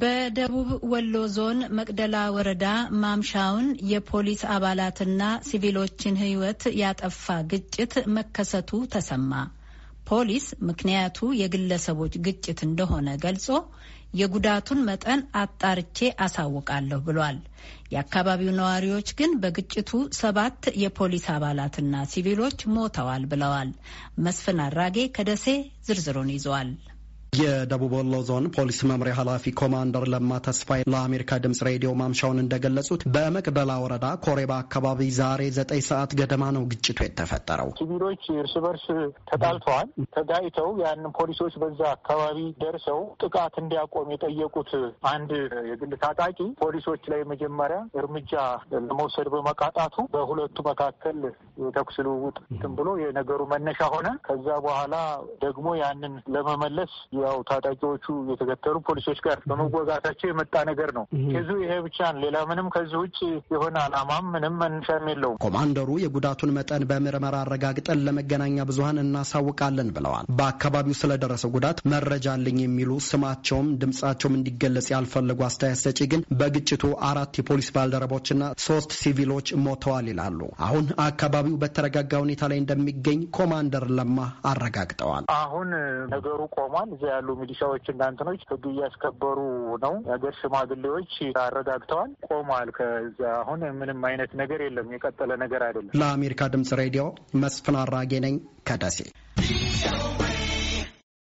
በደቡብ ወሎ ዞን መቅደላ ወረዳ ማምሻውን የፖሊስ አባላትና ሲቪሎችን ሕይወት ያጠፋ ግጭት መከሰቱ ተሰማ። ፖሊስ ምክንያቱ የግለሰቦች ግጭት እንደሆነ ገልጾ የጉዳቱን መጠን አጣርቼ አሳውቃለሁ ብሏል። የአካባቢው ነዋሪዎች ግን በግጭቱ ሰባት የፖሊስ አባላትና ሲቪሎች ሞተዋል ብለዋል። መስፍን አራጌ ከደሴ ዝርዝሩን ይዟል። የደቡብ ወሎ ዞን ፖሊስ መምሪያ ኃላፊ ኮማንደር ለማ ተስፋይ ለአሜሪካ ድምጽ ሬዲዮ ማምሻውን እንደገለጹት በመቅደላ ወረዳ ኮሬባ አካባቢ ዛሬ ዘጠኝ ሰዓት ገደማ ነው ግጭቱ የተፈጠረው። ሲቪሎች እርስ በርስ ተጣልተዋል። ተጋይተው ያን ፖሊሶች በዛ አካባቢ ደርሰው ጥቃት እንዲያቆም የጠየቁት አንድ የግል ታጣቂ ፖሊሶች ላይ መጀመሪያ እርምጃ ለመውሰድ በመቃጣቱ በሁለቱ መካከል የተኩስ ልውውጥ እንትን ብሎ የነገሩ መነሻ ሆነ። ከዛ በኋላ ደግሞ ያንን ለመመለስ ያው ታጣቂዎቹ የተገተሩ ፖሊሶች ጋር በመወጋታቸው የመጣ ነገር ነው። ከዙ ይሄ ብቻ ነው። ሌላ ምንም ከዚህ ውጭ የሆነ አላማም ምንም መነሻም የለውም። ኮማንደሩ የጉዳቱን መጠን በምርመራ አረጋግጠን ለመገናኛ ብዙሀን እናሳውቃለን ብለዋል። በአካባቢው ስለደረሰው ጉዳት መረጃ አለኝ የሚሉ ስማቸውም ድምጻቸውም እንዲገለጽ ያልፈለጉ አስተያየት ሰጪ ግን በግጭቱ አራት የፖሊስ ባልደረቦችና ሶስት ሲቪሎች ሞተዋል ይላሉ። አሁን አካባቢው በተረጋጋ ሁኔታ ላይ እንደሚገኝ ኮማንደር ለማ አረጋግጠዋል። አሁን ነገሩ ቆሟል። ያሉ ሚሊሻዎች እና እንትኖች ህግ እያስከበሩ ነው። የሀገር ሽማግሌዎች አረጋግተዋል፣ ቆመዋል። ከዛ አሁን ምንም አይነት ነገር የለም። የቀጠለ ነገር አይደለም። ለአሜሪካ ድምጽ ሬዲዮ መስፍን አራጌ ነኝ ከደሴ።